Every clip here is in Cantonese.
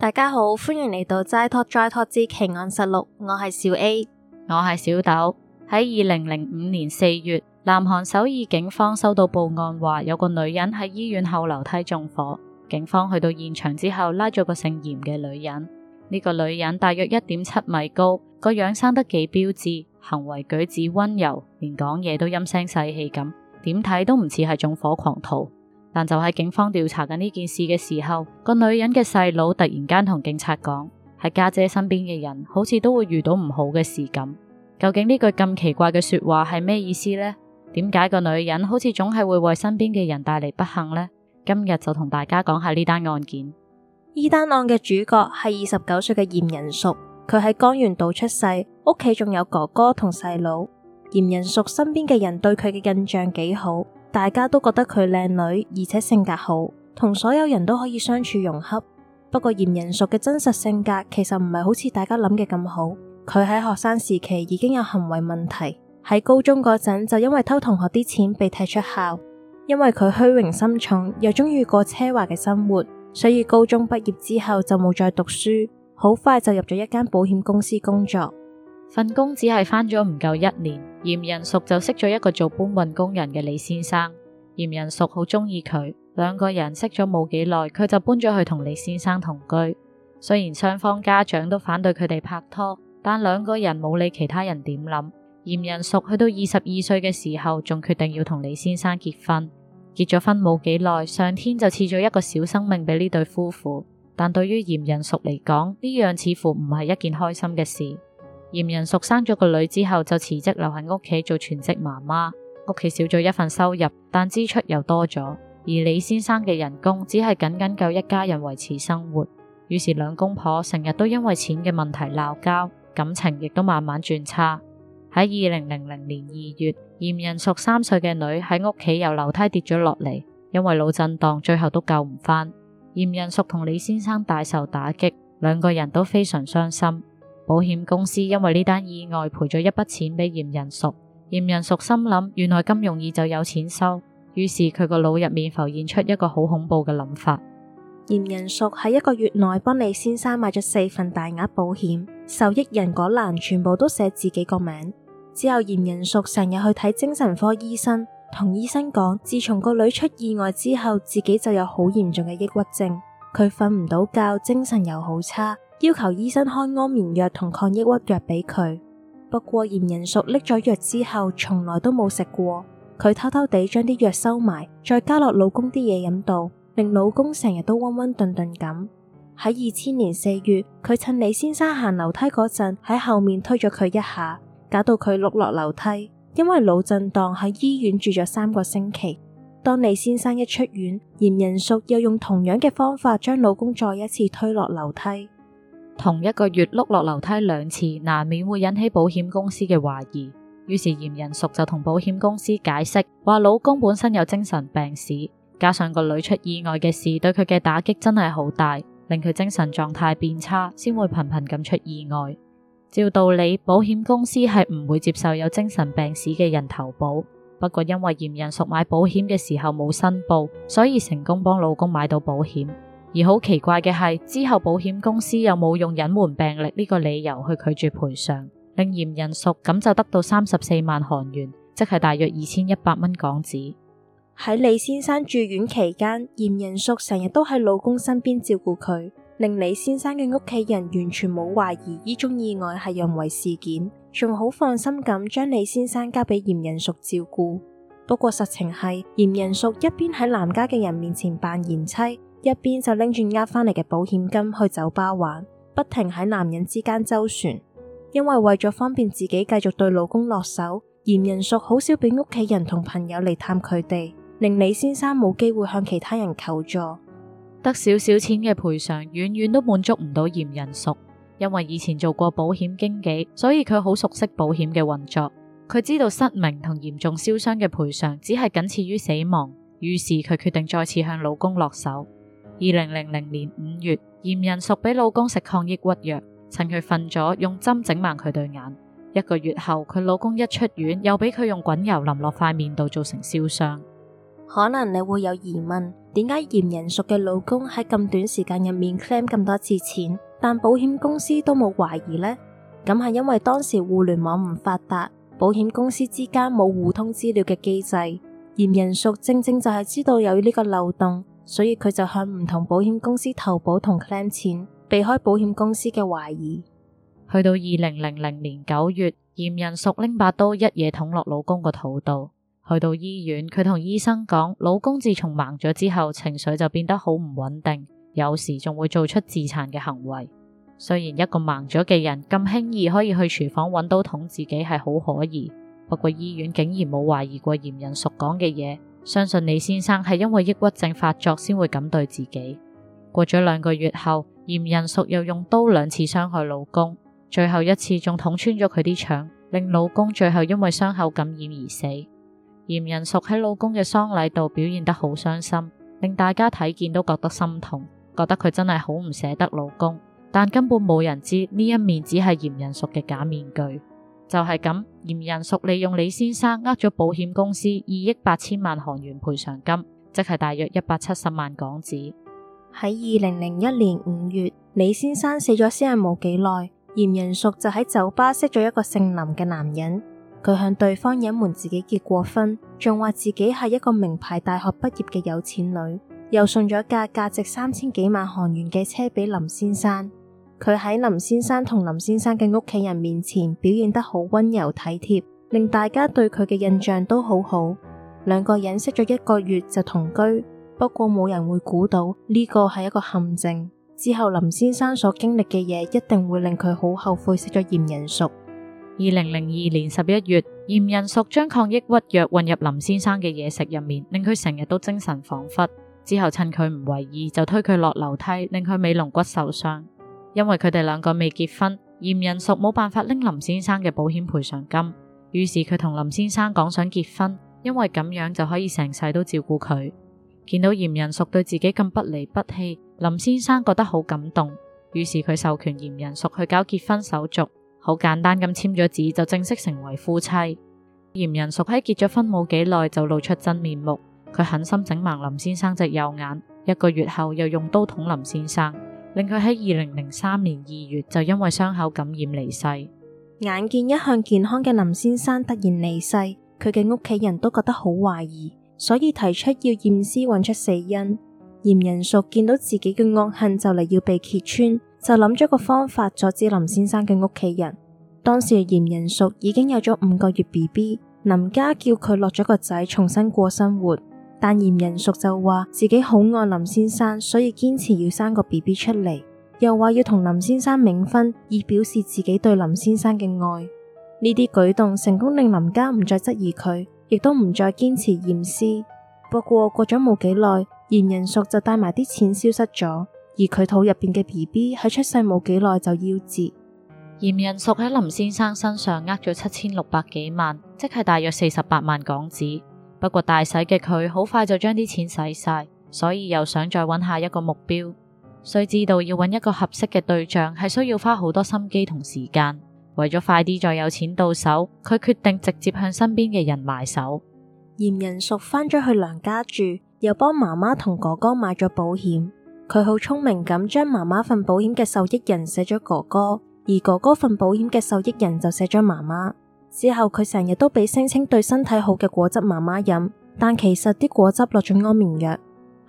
大家好，歡迎嚟到《齋托齋托之奇案實錄》，我係小 A，我係小豆。喺二零零五年四月，南韓首爾警方收到報案，話有個女人喺醫院後樓梯縱火。警方去到現場之後，拉咗個姓嚴嘅女人。呢個女人大約一點七米高，個樣生得幾標致，行為舉止溫柔，連講嘢都陰聲細氣咁，點睇都唔似係縱火狂徒。但就喺警方調查緊呢件事嘅時候，個女人嘅細佬突然間同警察講：係家姐身邊嘅人，好似都會遇到唔好嘅事咁。究竟呢句咁奇怪嘅說話係咩意思呢？點解個女人好似總係會為身邊嘅人帶嚟不幸呢？今日就同大家講下呢單案件。呢單案嘅主角係二十九歲嘅嚴仁淑，佢喺江原道出世，屋企仲有哥哥同細佬。嚴仁淑身邊嘅人對佢嘅印象幾好。大家都覺得佢靚女，而且性格好，同所有人都可以相處融洽。不過嚴仁淑嘅真實性格其實唔係好似大家諗嘅咁好。佢喺學生時期已經有行為問題，喺高中嗰陣就因為偷同學啲錢被踢出校。因為佢虛榮心重，又中意過奢華嘅生活，所以高中畢業之後就冇再讀書，好快就入咗一間保險公司工作。份工只係返咗唔夠一年，嚴仁淑就識咗一個做搬運工人嘅李先生，嚴仁淑好鍾意佢，兩個人識咗冇幾耐，佢就搬咗去同李先生同居。雖然雙方家長都反對佢哋拍拖，但兩個人冇理其他人點諗。嚴仁淑去到二十二歲嘅時候，仲決定要同李先生結婚。結咗婚冇幾耐，上天就賜咗一個小生命俾呢對夫婦，但對於嚴仁淑嚟講，呢樣似乎唔係一件開心嘅事。嚴仁淑生咗個女之後就辭職留喺屋企做全職媽媽，屋企少咗一份收入，但支出又多咗。而李先生嘅人工只係僅僅夠一家人維持生活，於是兩公婆成日都因為錢嘅問題鬧交，感情亦都慢慢轉差。喺二零零零年二月，嚴仁淑三歲嘅女喺屋企由樓梯跌咗落嚟，因為腦震盪，最後都救唔返。嚴仁淑同李先生大受打擊，兩個人都非常傷心。保險公司因為呢單意外賠咗一筆錢俾嚴仁淑。嚴仁淑心諗原來咁容易就有錢收，於是佢個腦入面浮現出一個好恐怖嘅諗法。嚴仁淑喺一個月內幫李先生買咗四份大額保險，受益人嗰欄全部都寫自己個名。之後嚴仁淑成日去睇精神科醫生，同醫生講自從個女出意外之後，自己就有好嚴重嘅抑鬱症，佢瞓唔到覺，精神又好差。要求醫生開安眠藥同抗抑鬱藥俾佢，不過嚴仁淑拎咗藥之後，從來都冇食過。佢偷偷地將啲藥收埋，再加落老公啲嘢飲度，令老公成日都溫溫頓頓咁。喺二千年四月，佢趁李先生行樓梯嗰陣，喺後面推咗佢一下，搞到佢碌落樓梯，因為腦震盪喺醫院住咗三個星期。當李先生一出院，嚴仁淑又用同樣嘅方法將老公再一次推落樓梯。同一個月碌落樓梯兩次，難免會引起保險公司嘅懷疑。於是嚴仁淑就同保險公司解釋，話老公本身有精神病史，加上個女出意外嘅事，對佢嘅打擊真係好大，令佢精神狀態變差，先會頻頻咁出意外。照道理，保險公司係唔會接受有精神病史嘅人投保。不過，因為嚴仁淑買保險嘅時候冇申報，所以成功幫老公買到保險。而好奇怪嘅係，之後保險公司又冇用隱瞞病歷呢個理由去拒絕賠償，令嚴仁淑咁就得到三十四萬韓元，即係大約二千一百蚊港紙。喺李先生住院期間，嚴仁淑成日都喺老公身邊照顧佢，令李先生嘅屋企人完全冇懷疑呢種意外係人為事件，仲好放心咁將李先生交俾嚴仁淑照顧。不過實情係，嚴仁淑一邊喺男家嘅人面前扮賢妻，一邊就拎住呃返嚟嘅保險金去酒吧玩，不停喺男人之間周旋。因為為咗方便自己繼續對老公落手，嚴仁淑好少俾屋企人同朋友嚟探佢哋，令李先生冇機會向其他人求助。得少少錢嘅賠償，遠遠都滿足唔到嚴仁淑。因為以前做過保險經紀，所以佢好熟悉保險嘅運作。佢知道失明同嚴重燒傷嘅賠償只係僅次於死亡，於是佢決定再次向老公落手。二零零零年五月，嚴仁淑俾老公食抗抑鬱藥，趁佢瞓咗用針整盲佢對眼。一個月後，佢老公一出院，又俾佢用滾油淋落塊面度，造成燒傷。可能你會有疑問，點解嚴仁淑嘅老公喺咁短時間入面 claim 咁多次錢，但保險公司都冇懷疑呢？咁係因為當時互聯網唔發達，保險公司之間冇互通資料嘅機制。嚴仁淑正正正就係知道有呢個漏洞。所以佢就向唔同保險公司投保同 claim 錢，避開保險公司嘅懷疑。去到二零零零年九月，嚴仁淑拎把刀，一嘢捅落老公個肚度。去到醫院，佢同醫生講，老公自從盲咗之後，情緒就變得好唔穩定，有時仲會做出自殘嘅行為。雖然一個盲咗嘅人咁輕易可以去廚房揾刀捅自己係好可疑，不過醫院竟然冇懷疑過嚴仁淑講嘅嘢。相信李先生係因為抑鬱症發作先會咁對自己。過咗兩個月後，嚴仁淑又用刀兩次傷害老公，最後一次仲捅穿咗佢啲腸，令老公最後因為傷口感染而死。嚴仁淑喺老公嘅喪禮度表現得好傷心，令大家睇見都覺得心痛，覺得佢真係好唔捨得老公，但根本冇人知呢一面只係嚴仁淑嘅假面具。就係咁，嚴仁淑利用李先生呃咗保險公司二億八千萬韓元賠償金，即係大約一百七十萬港紙。喺二零零一年五月，李先生死咗先係冇幾耐，嚴仁淑就喺酒吧識咗一個姓林嘅男人，佢向對方隱瞞自己結過婚，仲話自己係一個名牌大學畢業嘅有錢女，又送咗一架價值三千幾萬韓元嘅車俾林先生。佢喺林先生同林先生嘅屋企人面前表現得好温柔體貼，令大家對佢嘅印象都好好。兩個人認識咗一個月就同居，不過冇人會估到呢個係一個陷阱。之後林先生所經歷嘅嘢，一定會令佢好後悔識咗嚴仁淑。二零零二年十一月，嚴仁淑將抗抑鬱藥混入林先生嘅嘢食入面，令佢成日都精神恍惚。之後趁佢唔為意，就推佢落樓梯，令佢尾龍骨受傷。因為佢哋兩個未結婚，嚴仁淑冇辦法拎林先生嘅保險賠償金，於是佢同林先生講想結婚，因為咁樣就可以成世都照顧佢。見到嚴仁淑對自己咁不離不棄，林先生覺得好感動，於是佢授權嚴仁淑去搞結婚手續，好簡單咁簽咗字就正式成為夫妻。嚴仁淑喺結咗婚冇幾耐就露出真面目，佢狠心整盲林先生隻右眼，一個月後又用刀捅林先生。令佢喺二零零三年二月就因為傷口感染離世。眼見一向健康嘅林先生突然離世，佢嘅屋企人都覺得好懷疑，所以提出要驗屍，揾出死因。嚴仁淑見到自己嘅惡行就嚟要被揭穿，就諗咗個方法阻止林先生嘅屋企人。當時嚴仁淑已經有咗五個月 BB，林家叫佢落咗個仔，重新過生活。但嚴仁淑就話自己好愛林先生，所以堅持要生個 B B 出嚟，又話要同林先生冥婚，以表示自己對林先生嘅愛。呢啲舉動成功令林家唔再質疑佢，亦都唔再堅持驗屍。不過過咗冇幾耐，嚴仁淑就帶埋啲錢消失咗，而佢肚入邊嘅 B B 喺出世冇幾耐就夭折。嚴仁淑喺林先生身上呃咗七千六百幾萬，即係大約四十八萬港紙。不過大洗嘅佢好快就將啲錢洗晒，所以又想再揾下一個目標。雖知道要揾一個合適嘅對象係需要花好多心機同時間，為咗快啲再有錢到手，佢決定直接向身邊嘅人埋手。嚴仁淑返咗去娘家住，又幫媽媽同哥哥買咗保險。佢好聰明咁將媽媽份保險嘅受益人寫咗哥哥，而哥哥份保險嘅受益人就寫咗媽媽。之後佢成日都俾聲稱對身體好嘅果汁媽媽飲，但其實啲果汁落咗安眠藥。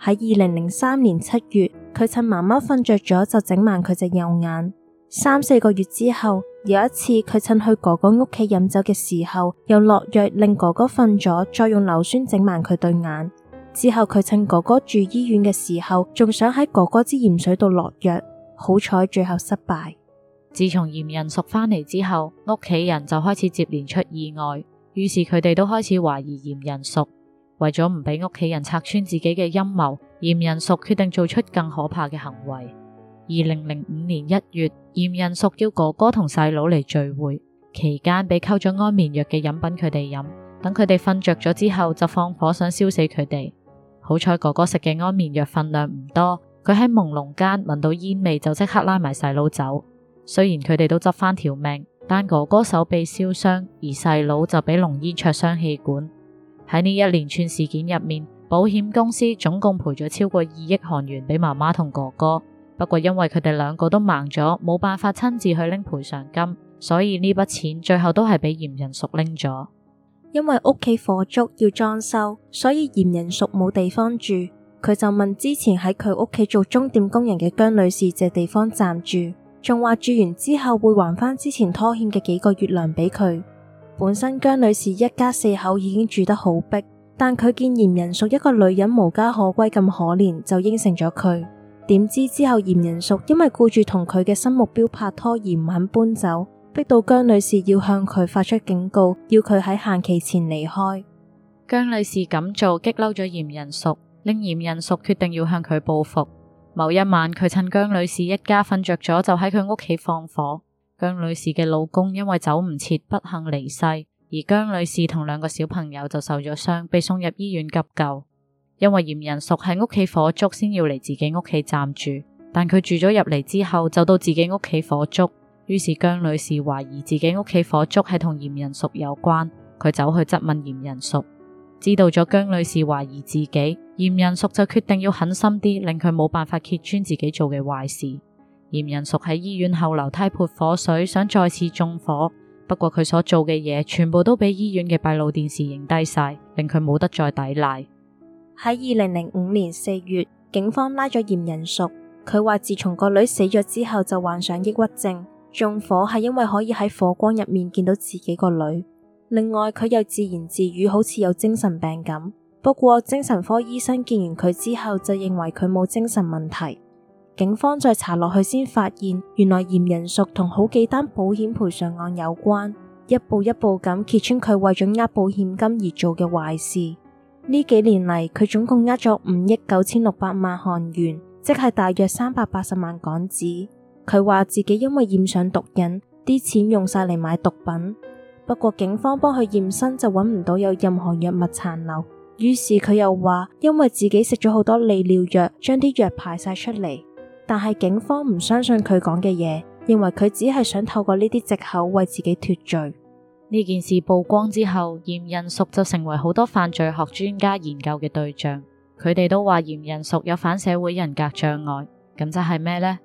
喺二零零三年七月，佢趁媽媽瞓着咗就整盲佢隻右眼。三四個月之後，有一次佢趁去哥哥屋企飲酒嘅時候，又落藥令哥哥瞓咗，再用硫酸整盲佢對眼。之後佢趁哥哥住醫院嘅時候，仲想喺哥哥支鹽水度落藥，好彩最後失敗。自從嚴仁淑翻嚟之後，屋企人就開始接連出意外，於是佢哋都開始懷疑嚴仁淑。為咗唔俾屋企人拆穿自己嘅陰謀，嚴仁淑決定做出更可怕嘅行為。二零零五年一月，嚴仁淑叫哥哥同細佬嚟聚會，期間俾溝咗安眠藥嘅飲品佢哋飲，等佢哋瞓着咗之後就放火想燒死佢哋。好彩哥哥食嘅安眠藥份量唔多，佢喺朦朧間聞到煙味就即刻拉埋細佬走。雖然佢哋都執返條命，但哥哥手臂燒傷，而細佬就俾濃煙灼傷氣管。喺呢一連串事件入面，保險公司總共賠咗超過二億韓元俾媽媽同哥哥。不過因為佢哋兩個都盲咗，冇辦法親自去拎賠償金，所以呢筆錢最後都係俾嚴仁淑拎咗。因為屋企火燭要裝修，所以嚴仁淑冇地方住，佢就問之前喺佢屋企做鐘點工人嘅姜女士借地方暫住。仲話住完之後會還返之前拖欠嘅幾個月糧俾佢。本身姜女士一家四口已經住得好逼，但佢見嚴仁淑一個女人無家可歸咁可憐，就應承咗佢。點知之後嚴仁淑因為顧住同佢嘅新目標拍拖，而唔肯搬走，逼到姜女士要向佢發出警告，要佢喺限期前離開。姜女士咁做激嬲咗嚴仁淑，令嚴仁淑決定要向佢報復。某一晚，佢趁姜女士一家瞓着咗，就喺佢屋企放火。姜女士嘅老公因為走唔切，不幸離世，而姜女士同兩個小朋友就受咗傷，被送入醫院急救。因為嚴仁淑喺屋企火燭，先要嚟自己屋企暫住，但佢住咗入嚟之後，就到自己屋企火燭，於是姜女士懷疑自己屋企火燭係同嚴仁淑有關，佢走去質問嚴仁淑，知道咗姜女士懷疑自己。嚴仁淑就決定要狠心啲，令佢冇辦法揭穿自己做嘅壞事。嚴仁淑喺醫院後樓梯潑火水，想再次縱火。不過佢所做嘅嘢全部都俾醫院嘅閉路電視影低晒，令佢冇得再抵賴。喺二零零五年四月，警方拉咗嚴仁淑。佢話自從個女死咗之後，就患上抑鬱症。縱火係因為可以喺火光入面見到自己個女。另外佢又自言自語，好似有精神病咁。不過精神科醫生見完佢之後，就認為佢冇精神問題。警方再查落去，先發現原來嚴仁淑同好幾單保險賠償案有關，一步一步咁揭穿佢為咗呃保險金而做嘅壞事。呢幾年嚟，佢總共呃咗五億九千六百萬韓元，即係大約三百八十萬港紙。佢話自己因為染上毒癮，啲錢用晒嚟買毒品。不過警方幫佢驗身，就揾唔到有任何藥物殘留。於是佢又話，因為自己食咗好多利尿藥，將啲藥排晒出嚟。但係警方唔相信佢講嘅嘢，認為佢只係想透過呢啲藉口為自己脱罪。呢件事曝光之後，嚴仁淑就成為好多犯罪學專家研究嘅對象。佢哋都話嚴仁淑有反社會人格障礙。咁就係咩呢？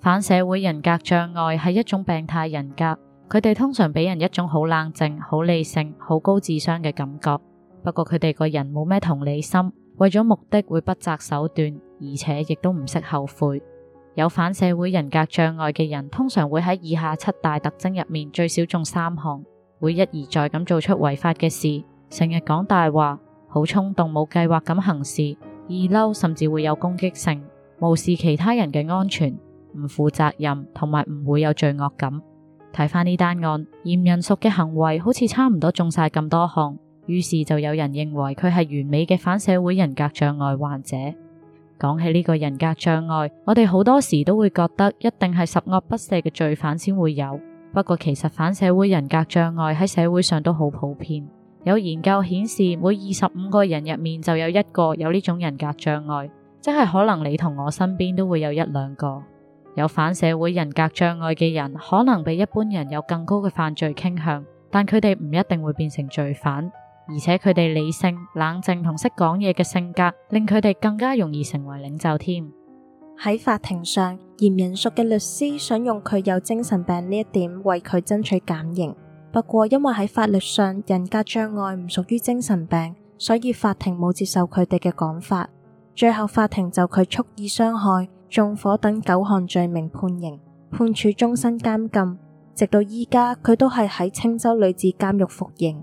反社會人格障礙係一種病態人格，佢哋通常俾人一種好冷靜、好理性、好高智商嘅感覺。不過佢哋個人冇咩同理心，為咗目的會不擇手段，而且亦都唔識後悔。有反社會人格障礙嘅人，通常會喺以下七大特徵入面最少中三項：會一而再咁做出違法嘅事，成日講大話，好衝動，冇計劃咁行事，易嬲，甚至會有攻擊性，無視其他人嘅安全，唔負責任，同埋唔會有罪惡感。睇翻呢單案，嚴仁淑嘅行為好似差唔多中晒咁多項。於是就有人認為佢係完美嘅反社會人格障礙患者。講起呢個人格障礙，我哋好多時都會覺得一定係十惡不赦嘅罪犯先會有。不過其實反社會人格障礙喺社會上都好普遍。有研究顯示，每二十五個人入面就有一個有呢種人格障礙，即係可能你同我身邊都會有一兩個。有反社會人格障礙嘅人可能比一般人有更高嘅犯罪傾向，但佢哋唔一定會變成罪犯。而且佢哋理性、冷靜同識講嘢嘅性格，令佢哋更加容易成為領袖添。喺法庭上，嚴仁淑嘅律師想用佢有精神病呢一點為佢爭取減刑，不過因為喺法律上人格障礙唔屬於精神病，所以法庭冇接受佢哋嘅講法。最後法庭就佢蓄意傷害、縱火等九項罪名判刑，判處終身監禁，直到依家佢都係喺青州女子監獄服刑。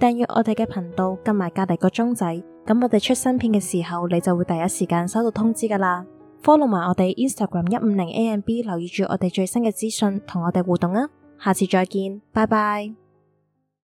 訂閱我哋嘅頻道，撳埋隔籬個鐘仔，咁我哋出新片嘅時候，你就會第一時間收到通知噶啦。Follow 埋我哋 Instagram 一五零 AMB，留意住我哋最新嘅資訊，同我哋互動啊！下次再見，拜拜。